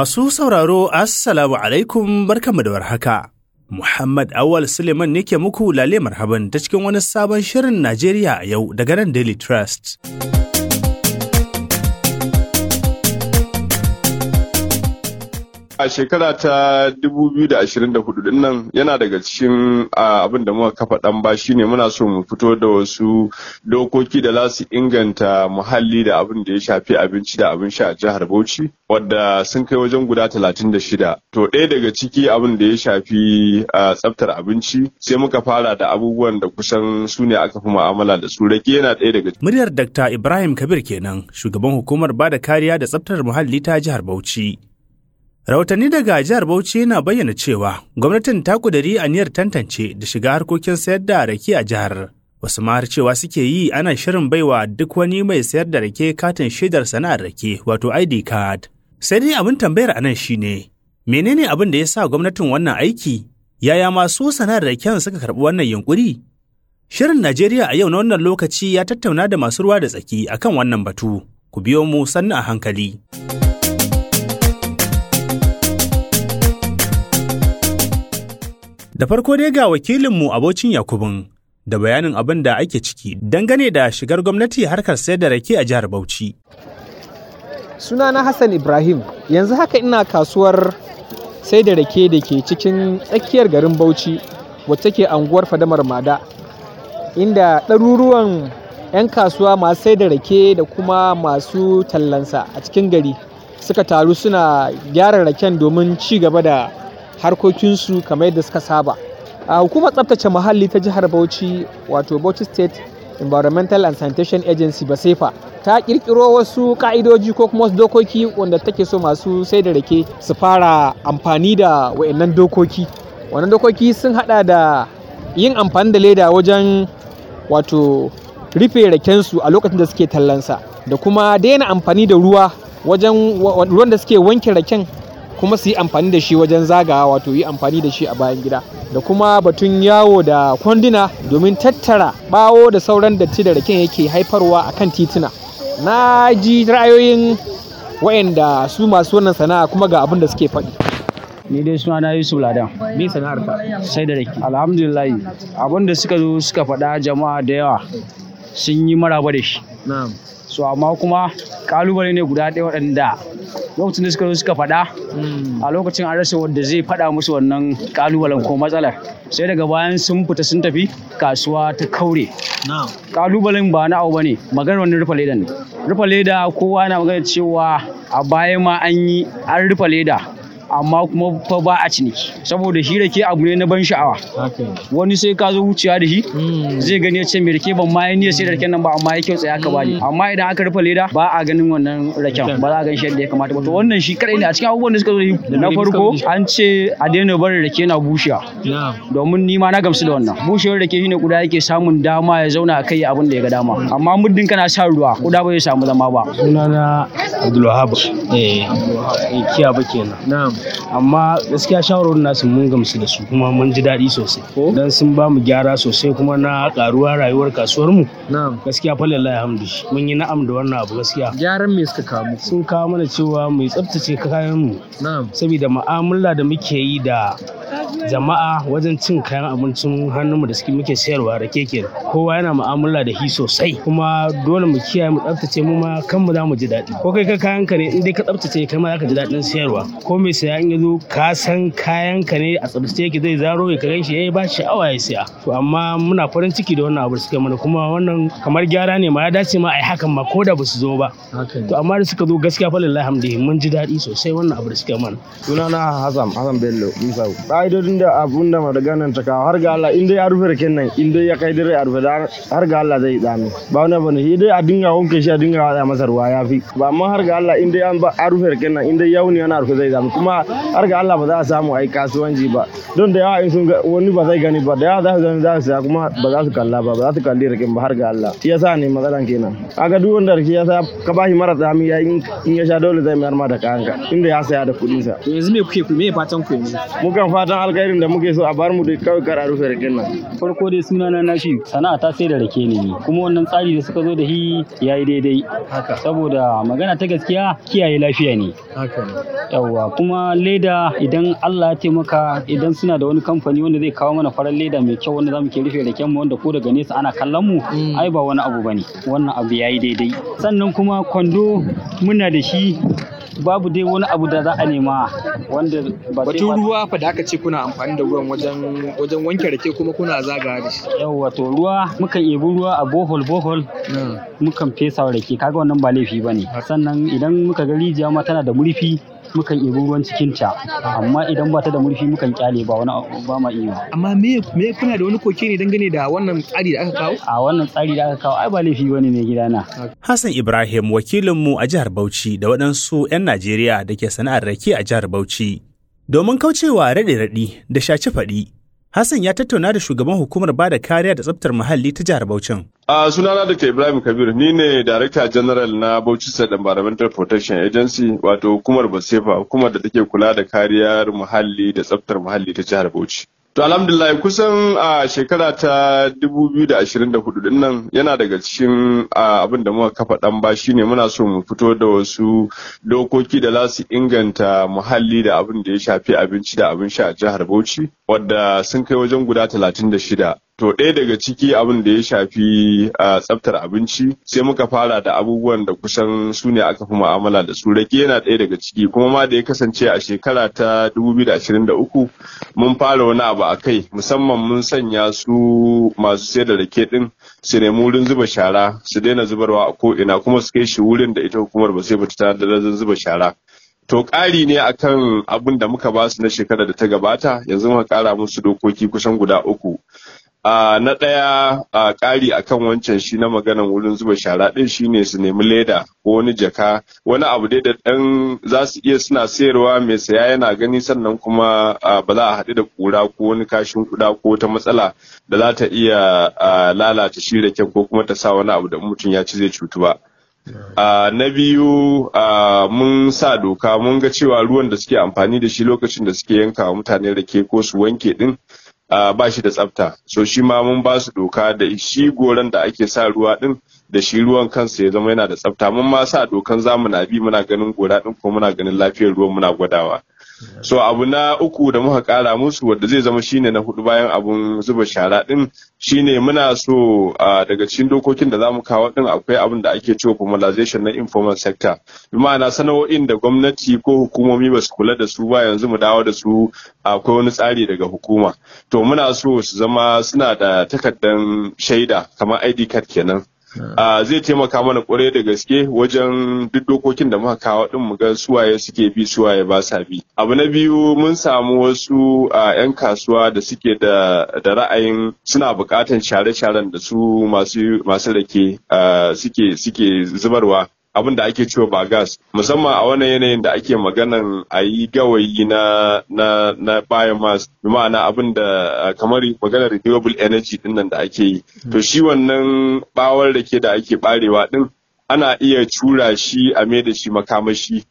Masu sauraro, Assalamu alaikum barkanmu da warhaka. Muhammad Awal Suleiman ne ke muku lale marhaban ta cikin wani sabon shirin Najeriya yau daga nan Daily Trust. a shekara ta 2024 din nan yana daga cikin abin da muka kafa dan ba shine muna so mu fito da wasu dokoki da za su inganta muhalli da abin da ya shafi abinci da abin sha a jihar Bauchi wadda sun kai wajen guda 36 to ɗaya daga ciki abin da ya shafi tsaftar abinci sai muka fara da abubuwan da kusan su ne aka fi mu'amala da su rake yana ɗaya daga muryar Dr. Ibrahim Kabir kenan shugaban hukumar bada kariya da tsaftar muhalli ta jihar Bauchi Rahotanni daga jihar Bauchi na bayyana cewa gwamnatin ta a niyyar tantance da shiga harkokin sayar da rake a jihar. Wasu ma cewa suke yi ana shirin baiwa duk wani mai sayar da rake katin shaidar sana'ar rake wato ID card. Sai dai abin tambayar anan shine menene abin da ya sa gwamnatin wannan aiki? Yaya masu sana'ar raken suka karɓi wannan yunkuri? Shirin Najeriya a yau na wannan lokaci ya tattauna da masu ruwa da tsaki akan wannan batu. Ku biyo mu sannu a hankali. Da farko dai ga wakilinmu abocin Yakubun da bayanin abin da ake ciki dangane da shigar gwamnati harkar sayar da rake a jihar Bauchi. Sunana Hassan Ibrahim, yanzu haka ina kasuwar sai da rake da ke cikin tsakiyar garin Bauchi wacce ke anguwar Fadamar Mada, inda ɗaruruwan 'yan kasuwa masu sai da rake da kuma masu tallansa a cikin gari suka taru suna gyara raken domin ci gaba da harkokinsu kamar yadda suka saba a hukumar tsabtace muhalli ta jihar bauchi wato bauchi state environmental and sanitation agency basefa ta kirkiro wasu ka'idoji ko kuma wasu dokoki wanda take so masu sai da rake su fara amfani da wa'annan dokoki wannan dokoki sun hada da yin amfani da leda wajen wato rufe rakensu a lokacin da suke tallansa da kuma daina amfani da ruwa wajen ruwan da suke wanke raken kuma su yi amfani da shi wajen zagawa wato yi amfani da shi a bayan gida da kuma batun yawo da kwanduna domin tattara bawo da sauran datti da raken yake haifarwa a kan tituna na ji ra'ayoyin wayanda su masu wannan sana'a kuma ga abin da suke faɗi ni dai suna na Yusuf Ladan. Me sana'ar ka? Sai da rake. Alhamdulillah. Abin da suka zo suka faɗa jama'a da yawa sun yi maraba da shi. so amma kuma kalubale ne guda ɗaya waɗanda lokacin da suka zo suka faɗa hmm. a lokacin an rasa wanda zai faɗa musu wannan kalubalen ko matsalar sai daga bayan sun fita sun tafi kasuwa ta kaure kalubalen ba na abu ne, maganar wani rufe leda ne rufe leda kowa na magana cewa a baya ma an yi an rufe leda amma kuma fa ba a ciniki saboda shi rake abu ne na ban sha'awa wani sai ka zo wuciya da shi hmm. zai gani ya ce mai rake ban ma yin sai da raken nan ba amma ya kyau tsaya ka bani hmm. amma idan aka rufe leda ba a ganin wannan raken ba za a gan shi yadda ya kamata ba to wannan shi kadai ne a cikin abubuwan da suka zo da na farko an ce a daina barin rake na bushewa domin ni ma na gamsu da wannan bushewar rake shine kuda yake samun dama ya zauna a kai abin da ya ga dama amma muddin kana sa ruwa kuda ba zai samu zama ba sunana Abdulwahab eh kiya ba kenan na'am amma gaskiya shawarorin nasu mun gamsu da su kuma mun ji daɗi sosai dan sun ba mu gyara sosai kuma na karuwa rayuwar kasuwar mu gaskiya falallahi hamdu mun yi na'am da wannan abu gaskiya gyaran me suka kawo sun kawo mana cewa mu tsaftace kayan mu saboda mu'amala da muke yi da jama'a wajen cin kayan abincin hannunmu da suke muke sayarwa da keke kowa yana mu'amala da shi sosai kuma dole mu kiyaye mu tsaftace mu ma kan mu za mu ji daɗi ko kai ka kayan ka ne in dai ka tsaftace kai ma za ka ji daɗin sayarwa ko mai saya in ya zo ka san kayan ka ne a tsaftace yake zai zaro ya kare shi ya ba awa ya saya to amma muna farin ciki da wannan abu suka mana kuma wannan kamar gyara ne ma ya dace ma a hakan ma ko da ba su zo ba to amma da suka zo gaskiya fa lillahi mun ji daɗi sosai wannan abu da suka mana sunana Hassan Hassan Bello dai da abun da maganan ta kawo har ga Allah in dai ya rufe raken nan in dai ya kai dare a rufe har ga Allah zai dame ba wani bane shi dai a dinga wanke shi a dinga wada masa ruwa ya fi ba amma har ga Allah in dai an ba rufe raken nan in dai yau ne yana rufe zai dame kuma har ga Allah ba za a samu ai kasuwanci ba don da yawa in sun wani ba zai gani ba da yawa za su gani za su saya kuma ba za su kalla ba ba za su kalli raken ba har ga Allah shi yasa ne matsalan kenan kaga duk wanda rake yasa sa ka bashi mara tsami ya in ya sha dole zai mayar ma da kanka inda ya saya da kudin sa to yanzu me kuke ku me fatan ku yanzu mukan fatan alkhairin da muke so a bar mu da kawai kar a rufe nan farko dai sunana na nashi sana'a ta sai da rake ne kuma wannan tsari da suka zo da shi yayi daidai saboda magana ta gaskiya kiyaye lafiya ne yawwa kuma leda idan Allah ya taimaka idan suna da wani kamfani wanda zai kawo mana farar leda mai kyau wanda zamu ke rufe rake mu wanda ko daga nesa ana kallon mu mm. ai ba wani abu bane wannan abu yayi daidai sannan kuma kwando muna da shi babu dai wani abu da za a nema wanda ba batun ruwa fa da aka ce kuna amfani da ruwan wajen wajen wanke rake kuma kuna zaga da shi yawa to ruwa mukan ebi ruwa a bohol bohol hmm. mukan fesa rake kaga wannan ba laifi bane sannan idan muka ga rijiya ma tana da murfi mukan ibi ruwan cikin ta amma idan ba ta da murfi mukan kyale ba wani ba ma iya amma me me kuna da wani koke ne dangane da wannan tsari da aka kawo a wannan tsari da aka kawo ai ba laifi bane ne gidana Hassan Ibrahim wakilin mu a jihar Bauchi da waɗansu 'yan Najeriya da ke sana'ar rake a jihar Bauchi domin kaucewa raɗe-raɗi da shaci faɗi Hassan ya tattauna da shugaban hukumar bada kariya da tsaftar muhalli ta jihar Bauchin A sunana Dr. Ibrahim Kabir ni ne Director General na Bauchi State Environmental Protection Agency wato hukumar Basefa hukumar da take kula da kariyar muhalli da tsaftar muhalli ta jihar Bauchi. To alhamdulillah kusan a shekara ta 2024 din nan yana daga cikin uh, abin da muka kafa dan ba shine muna so mu fito da wasu dokoki da za su inganta muhalli da abin da ya shafi abinci da abin sha a jihar Bauchi wadda sun kai wajen guda 36. To ɗaya daga ciki abin da ya shafi a tsaftar abinci sai muka fara da abubuwan da kusan su ne aka fi mu'amala da su rake yana ɗaya daga ciki kuma ma da ya kasance a shekara ta 2023 mun fara wani abu a kai musamman mun sanya su masu sai da rake ɗin su nemi wurin zuba shara su daina zubarwa a ko'ina kuma su kai shi wurin da ita hukumar ba sai ba ta da zuba shara. To ƙari ne akan abin da muka ba su na shekarar da ta gabata yanzu muka ƙara musu dokoki kusan guda uku. na ɗaya a ƙari akan wancan shi na maganan wurin zuba shara ɗin shi ne su nemi leda ko wani jaka wani abu dai da ɗan za su iya suna sayarwa mai saya yana gani sannan kuma ba za a haɗu da ƙura ko wani kashin kuɗa ko ta matsala da za ta iya lalata shi da kyau ko kuma ta sa wani abu da mutum ya ci zai cutu ba. na biyu mun sa doka mun ga cewa ruwan da suke amfani da shi lokacin da suke yanka wa mutane rake ko su wanke ɗin. ba shi da tsafta so shi ma mun ba su doka da shi goran da ake sa ruwa din da shi ruwan kansa ya zama yana da tsafta mun ma sa dokan zamu na bi muna ganin gora din ko muna ganin lafiyar ruwan muna gwadawa so abu na uku da muka kara musu wadda zai zama shine na hudu bayan abun zuba shara din shine muna so daga cikin dokokin da zamu kawo din akwai abin da ake cewa formalization na informal sector ma'ana sana'o'in da gwamnati ko hukumomi ba su kula da su ba yanzu mu dawo da su akwai wani tsari daga hukuma to muna so su zama suna da takardan shaida kamar id card kenan Ah, zai taimaka mana kwarai da gaske wajen duk dokokin da muka kawo din mu ga suwaye suke bi suwaye ba sa bi abu na biyu mun samu wasu yan ah, kasuwa da suke da ra'ayin suna bukatan share-sharen da su masu rake ah, suke zubarwa abin da ake cewa ba gas musamman a wannan yanayin da ake maganan a yi gawayi na na na biomass ma'ana abin da kamar maganar renewable energy din nan da ake yi to shi wannan bawar da ke da ake barewa din ana iya cura shi a mai da shi makamashi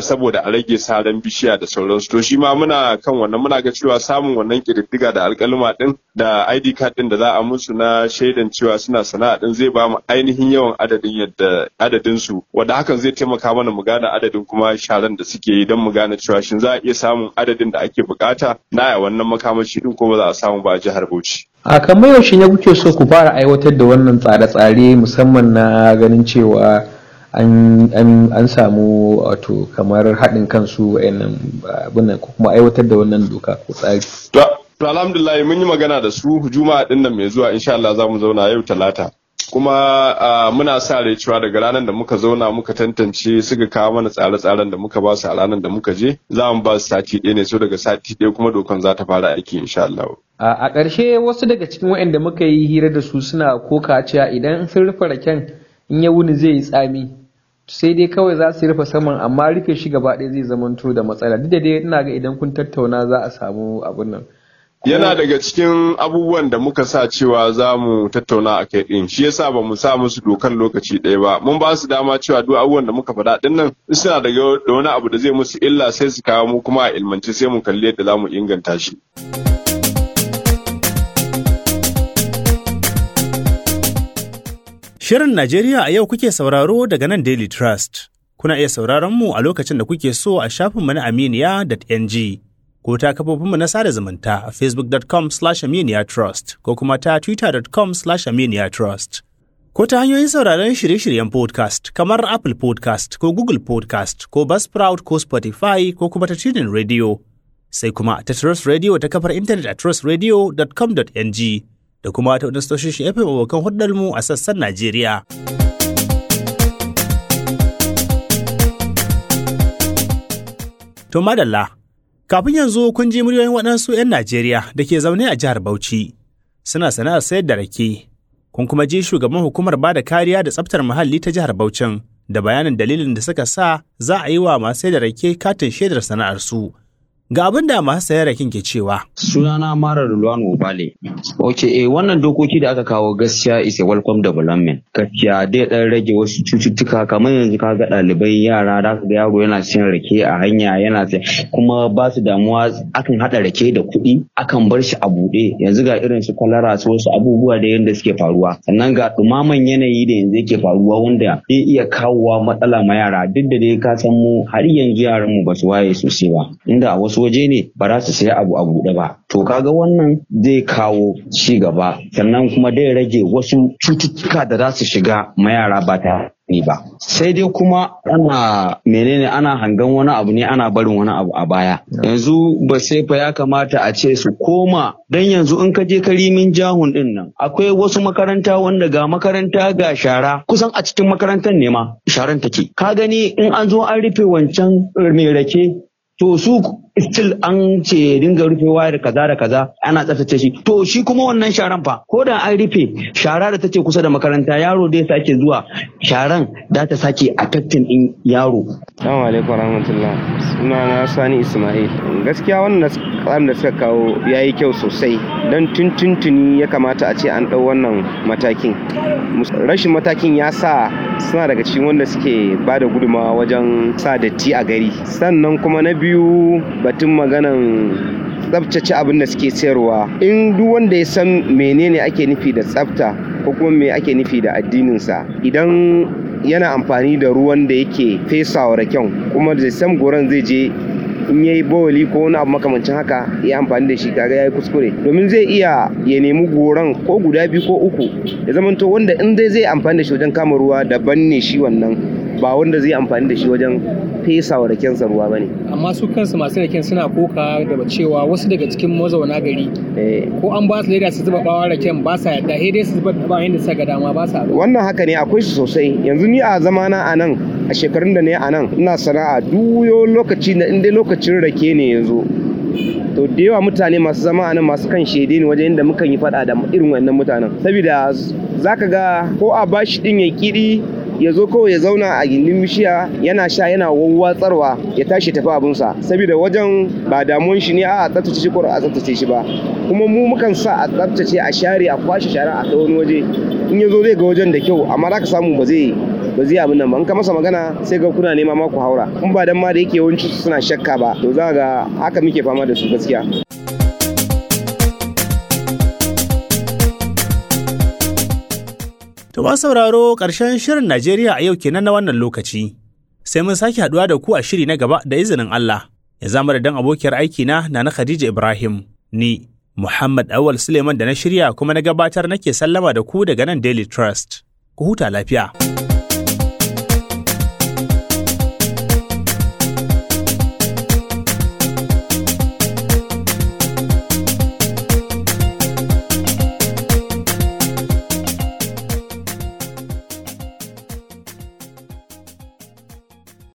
saboda a rage saran bishiya da sauransu to shi ma muna kan wannan muna ga cewa samun wannan kididdiga da alkalima din da ID card din da za a musu na shaidan cewa suna sana'a din zai ba mu ainihin yawan adadin yadda adadin su wanda hakan zai taimaka mana mu gane adadin kuma sharan da suke yi don mu gane cewa shin za a iya samun adadin da ake bukata na a wannan makamashi din ko ba za a samu ba jihar Bauchi a kamar yaushe ne kuke so ku fara aiwatar da wannan tsare-tsare musamman na ganin cewa an samu wato kamar haɗin kansu wayannan abin ko kuma aiwatar da wannan doka ko tsari to alhamdulillah mun yi magana da su juma'a din nan mai zuwa insha Allah za mu zauna yau talata kuma muna sa rai cewa daga ranar da muka zauna muka tantance suka kawo mana tsare-tsaren da muka ba su a ranar da muka je za mu ba su sati ɗaya ne so daga sati ɗaya kuma dokan za ta fara aiki insha Allah. a ƙarshe wasu daga cikin waɗanda muka yi hira da su suna koka cewa idan sun rufe raken in ya wuni zai yi tsami sai dai kawai za su rufe saman amma rufe shi gaba ɗaya zai zamanto da matsala duk da dai ina ga idan kun tattauna za a samu abin nan yana daga cikin abubuwan da muka sa cewa za mu tattauna a kai ɗin shi yasa ba mu sa musu dokan lokaci ɗaya ba mun ba su dama cewa duk abubuwan da muka faɗa ɗin nan suna da wani abu da zai musu illa sai su kawo mu kuma a ilmance sai mu kalli yadda za mu inganta shi. Shirin Najeriya a yau kuke sauraro daga nan Daily Trust. Kuna iya sauraron mu a lokacin da kuke so a shafinmu na aminiya.ng ko ta kafofinmu na sada zumunta a facebook.com slash trust ko kuma ta twitter.com slash aminiya_trust. Ko ta hanyoyin sauraron shirye-shiryen podcast kamar Apple podcast ko Google podcast ko Buzzsprout ko Spotify ko kuma ta tunin radio. Sai kuma ta Trust Radio ta kafar intanet a trustradio.com.ng. da kuma ta wadansu tashoshin FM abokan hudar mu a sassan Najeriya. To madalla, kafin yanzu kun ji muryoyin waɗansu 'yan Najeriya da ke zaune a jihar Bauchi suna sana'ar sayar da rake. Kun kuma ji shugaban hukumar ba da kariya da tsaftar muhalli ta jihar Bauchin da bayanin dalilin da suka sa za a yi wa masu sayar da rake katin shaidar sana'arsu. su Ga abin da masu sayar rakin ke cewa. Sunana Marar Luwan Obale. Ok, eh, wannan dokoki da aka kawo gaskiya is a welcome development. Gaskiya dai ɗan rage wasu cututtuka kamar yanzu ka ga ɗalibai yara da ga yaro yana siyan rake a hanya yana kuma ba su damuwa akan haɗa rake da kuɗi akan bar shi a buɗe yanzu ga irin su kwalara su wasu abubuwa da yanda suke faruwa. Sannan ga ɗumaman yanayi da yanzu yake faruwa wanda zai iya kawowa matsala ma yara duk da dai ka san mu har yanzu yaran mu ba su waye sosai ba. Inda a wasu wasu waje ne ba za su saya abu a buɗe ba to kaga wannan zai kawo ci gaba sannan kuma zai rage wasu cututtuka da za su shiga ma yara ba ta ni ba sai dai kuma ana menene ana hangan wani abu ne ana barin wani abu a baya yanzu ba sai fa ya kamata a ce su koma dan yanzu in ka je karimin jahun din nan akwai wasu makaranta wanda ga makaranta ga shara kusan a cikin makarantar ne ma sharan take ka gani in an zo an rufe wancan eh, mai rake to su still an ce dinga rufewa da kaza da kaza ana tsaftace shi to shi kuma wannan sharan fa ko da an rufe shara da take kusa da makaranta yaro dai sake zuwa sharan da ta sake a tattin din yaro assalamu alaikum warahmatullah na sani ismail gaskiya wannan tsarin da suka kawo yayi kyau sosai dan tuntuntuni ya kamata a ce an dau wannan matakin rashin matakin ya sa suna daga cikin wanda suke bada gudumawa wajen sa datti a gari sannan kuma na biyu batun maganan tsabtace abin da suke sayarwa in duk wanda ya san menene ake nufi da tsabta ko kuma me ake nufi da addininsa idan yana amfani da ruwan da yake fesawa raken kuma da sam goron zai je in yayi bawali ko wani abu makamancin haka ya amfani da shi kaga yayi kuskure domin zai iya ya nemi goran ko guda biyu ko uku ya zamanto wanda in dai zai amfani da shi wajen kama ruwa daban ne shi wannan ba wanda zai amfani da shi wajen fesa wa rakensa ruwa ba ne amma su kansu masu raken suna koka da cewa wasu daga cikin mazauna gari eh. ko an ba su leda su zuba bawa raken ba sa yadda sai dai su zuba ba yadda suka ga dama ba sa wannan haka ne akwai su sosai yanzu ni a zamana a nan a shekarun da ne a nan ina sana'a duyo lokaci na inda lokacin rake ne yanzu to da yawa mutane masu zama a nan masu kan shaide ne wajen yadda mukan yi fada da irin wannan mutanen saboda zaka ga ko a bashi din ya kiri ya zo kawai ya zauna a gindin bishiya yana sha yana wawwatsarwa ya tashi tafi abinsa saboda wajen ba damuwan shi ne a tsaftace shi ko a tsaftace shi ba kuma mu mukan sa a tsaftace a share a kwashe shara a ta wani waje in ya zo zai ga wajen da kyau amma za ka samu ba zai ba zai abin nan ba in ka masa magana sai ga kuna nema ma ku haura in ba dan ma da yake yawanci suna shakka ba to za ga haka muke fama da su gaskiya ba sauraro ƙarshen shirin Najeriya a yau kenan na wannan lokaci. Sai mun sake haɗuwa da ku a shiri na gaba da izinin Allah. Ya zama da dan abokiyar aikina na na Khadija Ibrahim. Ni, Muhammad Awal Suleiman da na shirya kuma na gabatar nake sallama da ku daga nan Daily Trust. Ku huta lafiya.